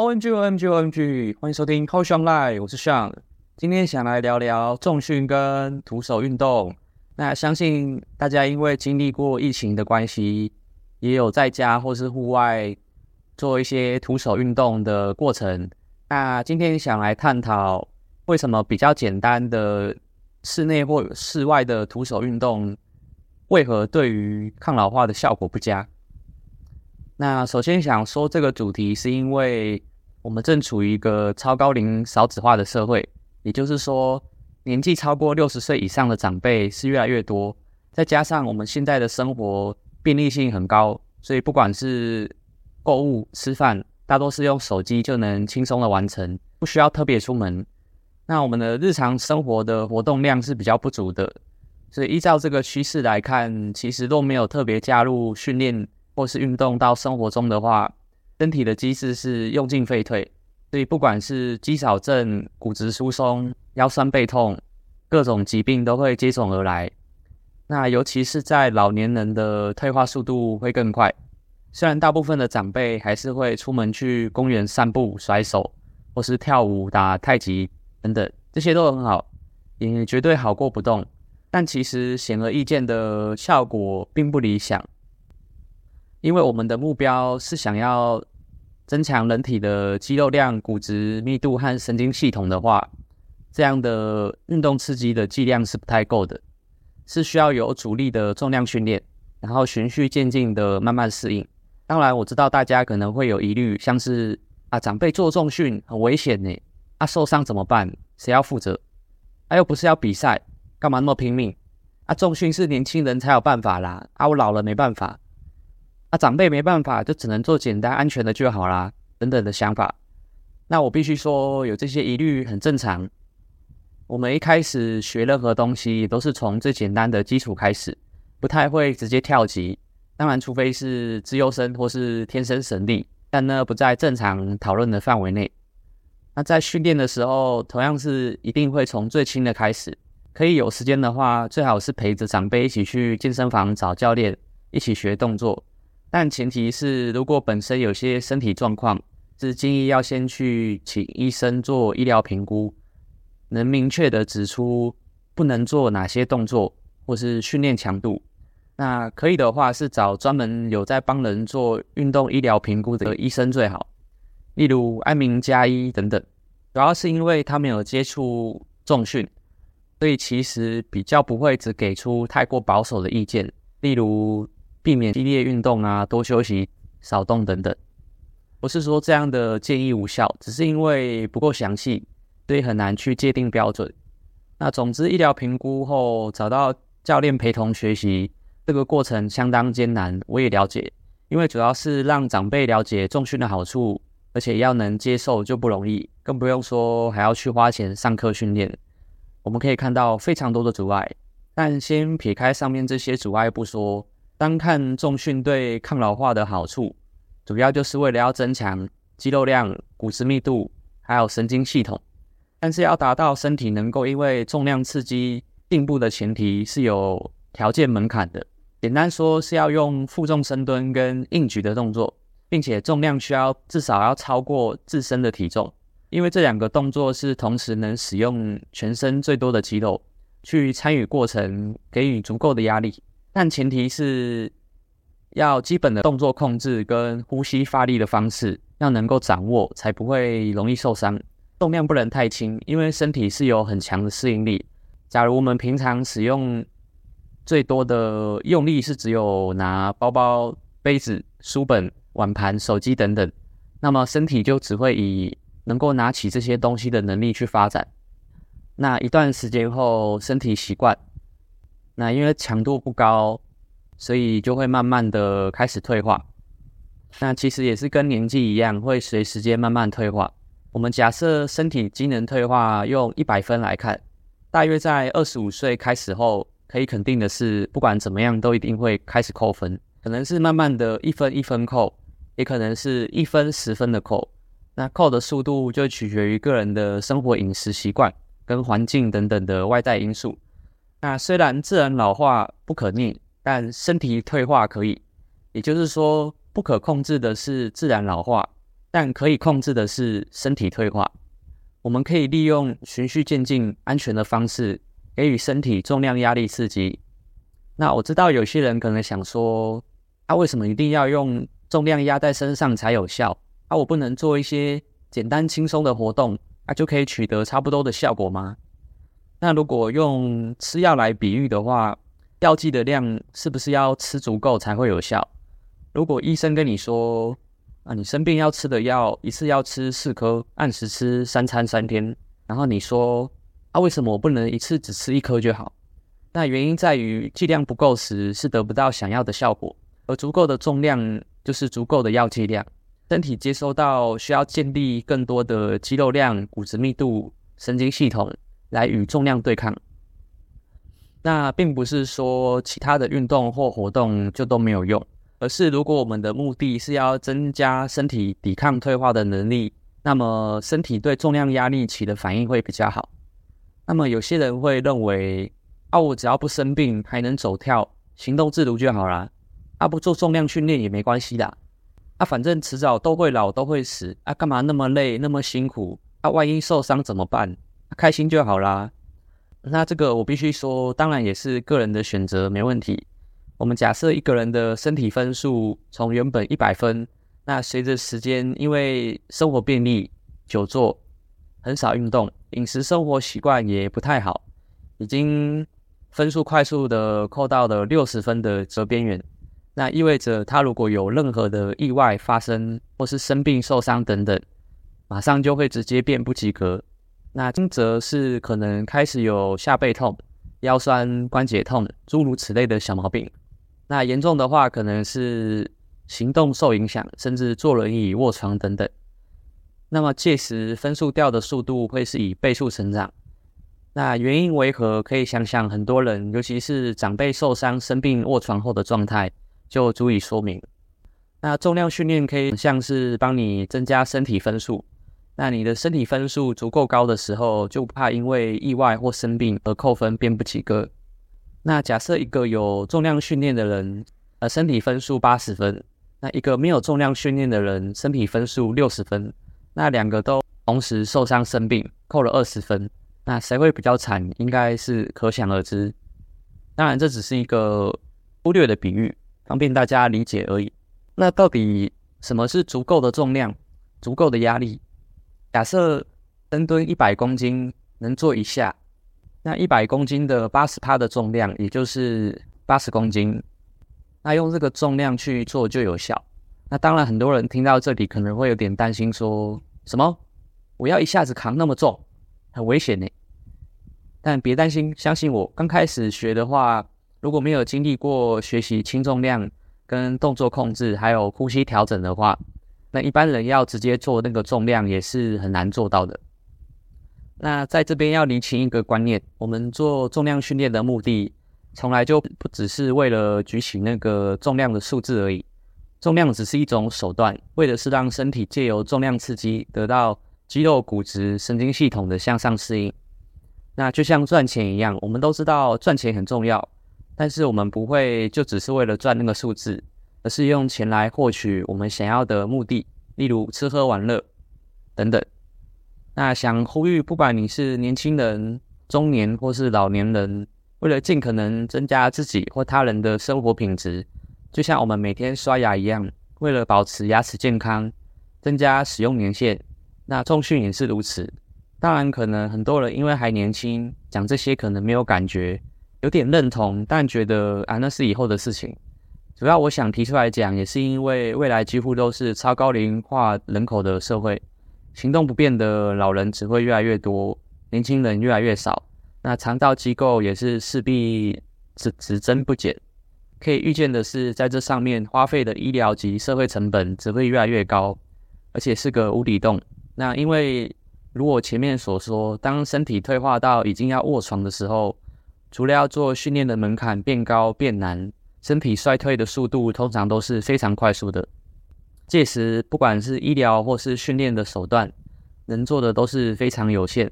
O M G O M G O M G，歡迎收聽 Coach Sean Live，我是 Sean。今天想來聊聊重訓跟徒手運動。那相信大家因為經歷過疫情的關係，也有在家或是戶外做一些徒手運動的過程。那今天想來探討為什麼比較簡單的室內或室外的徒手運動，為何對於抗老化的效果不佳？那首先想說這個主題是因為。我們正處於一個超高齡少子化的社會，也就是說，年紀超過六十歲以上的長輩是越來越多。再加上我們現在的生活便利性很高，所以不管是購物、吃飯，大多是用手機就能輕鬆的完成，不需要特別出門。那我們的日常生活的活動量是比較不足的，所以依照這個趨勢來看，其實若沒有特別加入訓練或是運動到生活中的話。身體的機制是用進廢退，所以不管是肌少症、骨質疏鬆、腰酸背痛，各種疾病都會接踵而來。那尤其是在老年人的退化速度會更快。雖然大部分的長輩還是會出門去公園散步、甩手，或是跳舞、打太極等等，這些都很好，也絕對好過不動。但其實顯而易見的效果並不理想，因為我們的目標是想要。增強人體的肌肉量、骨質密度和神經系統的話，這樣的運動刺激的劑量是不太夠的，是需要有阻力的重量訓練，然後循序漸進的慢慢適應。當然，我知道大家可能會有疑慮，像是啊長輩做重訓很危險呢，啊受傷怎麼辦？誰要負責？啊又不是要比賽，幹嘛那麼拼命？啊重訓是年輕人才有辦法啦，啊我老了沒辦法。那、啊、長輩沒辦法，就只能做簡單、安全的就好啦，等等的想法。那我必須說，有這些疑慮很正常。我們一開始學任何東西，也都是從最簡單的基礎開始，不太會直接跳級。當然，除非是資優生或是天生神力，但那不在正常討論的範圍內。那在訓練的時候，同樣是一定會從最輕的開始。可以有時間的話，最好是陪着長輩一起去健身房找教練，一起學動作。但前提是，如果本身有些身體狀況，是建議要先去請醫生做醫療評估，能明確地指出不能做哪些動作或是訓練強度。那可以的話，是找專門有在幫人做運動醫療評估的醫生最好，例如安民加醫等等。主要是因為他沒有接觸重訓，所以其實比較不會只給出太過保守的意見，例如，避免激烈運動啊，多休息，少動等等。不是說這樣的建議無效，只是因為不夠詳細，所以很難去界定標準。那總之，醫療評估後找到教練陪同學習，這個過程相當艱難。我也了解，因為主要是讓長輩了解重訓的好處，而且要能接受就不容易，更不用說還要去花錢上課訓練。我們可以看到非常多的阻礙，但先撇開上面這些阻礙不說。單看重訓對抗老化的好處，主要就是為了要增強肌肉量、骨質密度，還有神經系統。但是要達到身體能夠因為重量刺激進步的前提是有條件門檻的。簡單說是要用負重深蹲跟硬舉的動作，並且重量需要至少要超過自身的體重，因為這兩個動作是同時能使用全身最多的肌肉去參與過程，給予足夠的壓力。但前提是要基本的動作控制跟呼吸發力的方式要能夠掌握，才不會容易受傷。重量不能太輕，因為身體是有很強的適應力。假如我們平常使用最多的用力是只有拿包包、杯子、書本、碗盤、手機等等，那麼身體就只會以能夠拿起這些東西的能力去發展。那一段時間後，身體習慣。那因為強度不高，所以就會慢慢的開始退化。那其實也是跟年紀一樣，會隨時間慢慢退化。我們假設身體機能退化用一百分來看，大約在二十五歲開始後，可以肯定的是，不管怎麼樣都一定會開始扣分。可能是慢慢的一分一分扣，也可能是一分十分的扣。那扣的速度就取決於個人的生活飲食習慣，跟環境等等的外在因素。那雖然自然老化不可逆，但身體退化可以。也就是說，不可控制的是自然老化，但可以控制的是身體退化。我們可以利用循序漸進、安全的方式，給予身體重量壓力刺激。那我知道有些人可能想說，他、啊、為什麼一定要用重量壓在身上才有效？啊，我不能做一些簡單輕鬆的活動，啊就可以取得差不多的效果嗎？那如果用吃藥來比喻的話，藥劑的量是不是要吃足夠才會有效？如果醫生跟你說啊，你生病要吃的藥一次要吃四顆，按時吃三餐三天，然後你說啊，為什麼我不能一次只吃一顆就好？那原因在於劑量不夠時是得不到想要的效果，而足夠的重量就是足夠的藥劑量，身體接收到需要建立更多的肌肉量、骨質密度、神經系統。來與重量對抗，那並不是說其他的運動或活動就都沒有用，而是如果我們的目的是要增加身體抵抗退化的能力，那麼身體對重量壓力起的反應會比較好。那麼有些人會認為，啊，我只要不生病，還能走跳，行動自如就好了，啊，不做重量訓練也沒關係啦，啊，反正遲早都會老，都會死，啊，幹嘛那麼累，那麼辛苦？啊，萬一受傷怎麼辦？開心就好啦。那這個我必須說，當然也是個人的選擇，沒問題。我們假設一個人的身體分數從原本一百分，那隨着時間，因為生活便利、久坐、很少運動、飲食生活習慣也不太好，已經分數快速的扣到了六十分的折邊緣。那意味着他如果有任何的意外發生，或是生病、受傷等等，馬上就會直接變不及格。那輕則是可能開始有下背痛、腰酸、關節痛，諸如此類的小毛病，那嚴重的話可能是行動受影響，甚至坐輪椅、臥床等等。那麼屆時分數掉的速度會是以倍數成長。那原因為何？可以想想很多人，尤其是長輩受傷、生病、臥床後的狀態，就足以說明。那重量訓練可以像是幫你增加身體分數。那你的身體分數足夠高的時候，就不怕因為意外或生病而扣分變不及格。那假設一個有重量訓練的人，呃，身體分數八十分；那一個沒有重量訓練的人，身體分數六十分。那兩個都同時受傷生病，扣了二十分，那誰會比較慘？應該是可想而知。當然，這只是一個忽略的比喻，方便大家理解而已。那到底什麼是足夠的重量？足夠的壓力？假設深蹲一百公斤能做一下，那一百公斤的八十趴的重量，也就是八十公斤，那用這個重量去做就有效。那當然，很多人聽到這裡可能會有點擔心說，說什麼“我要一下子扛那麼重，很危險呢？”但別擔心，相信我，剛開始學的話，如果沒有經歷過學習輕重量、跟動作控制，還有呼吸調整的話，那一般人要直接做那個重量也是很難做到的。那在這邊要釐清一個觀念，我們做重量訓練的目的，從來就不只是為了舉起那個重量的數字而已。重量只是一種手段，為的是讓身體借由重量刺激，得到肌肉骨質神經系統的向上適應。那就像賺錢一樣，我們都知道賺錢很重要，但是我們不會就只是為了賺那個數字。而是用錢來獲取我們想要的目的，例如吃喝玩樂等等。那想呼籲，不管你是年輕人、中年或是老年人，為了盡可能增加自己或他人的生活品質，就像我們每天刷牙一樣，為了保持牙齒健康、增加使用年限，那重訓也是如此。當然，可能很多人因為還年輕，講這些可能沒有感覺，有點認同，但覺得啊，那是以後的事情。主要我想提出來講，也是因為未來幾乎都是超高齡化人口的社會，行動不便的老人只會越來越多，年輕人越來越少，那長照機構也是勢必只只增不減。可以預見的是，在這上面花費的醫療及社會成本只會越來越高，而且是個無底洞。那因為如我前面所說，當身體退化到已經要臥床的時候，除了要做訓練的門檻變高變難。身體衰退的速度通常都是非常快速的，屆時不管是醫療或是訓練的手段，能做的都是非常有限。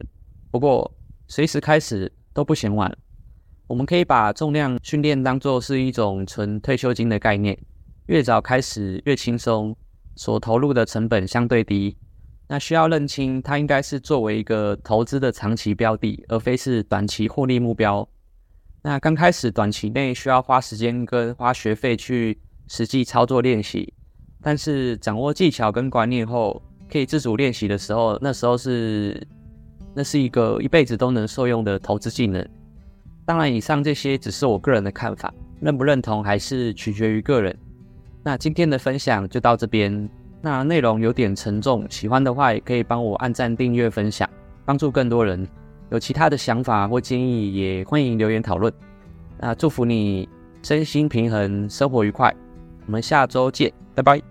不過，隨時開始都不嫌晚。我們可以把重量訓練當作是一種存退休金的概念，越早開始越輕鬆，所投入的成本相對低。那需要認清，它應該是作為一個投資的長期標的，而非是短期獲利目標。那剛開始短期內需要花時間跟花學費去實際操作練習，但是掌握技巧跟觀念後，可以自主練習的時候，那時候是那是一個一輩子都能受用的投資技能。當然，以上這些只是我個人的看法，認不認同還是取決於個人。那今天的分享就到這邊，那內容有點沉重，喜歡的話也可以幫我按讚、訂閱、分享，幫助更多人。有其他的想法或建議，也歡迎留言討論。那祝福你身心平衡，生活愉快。我們下周見，拜拜。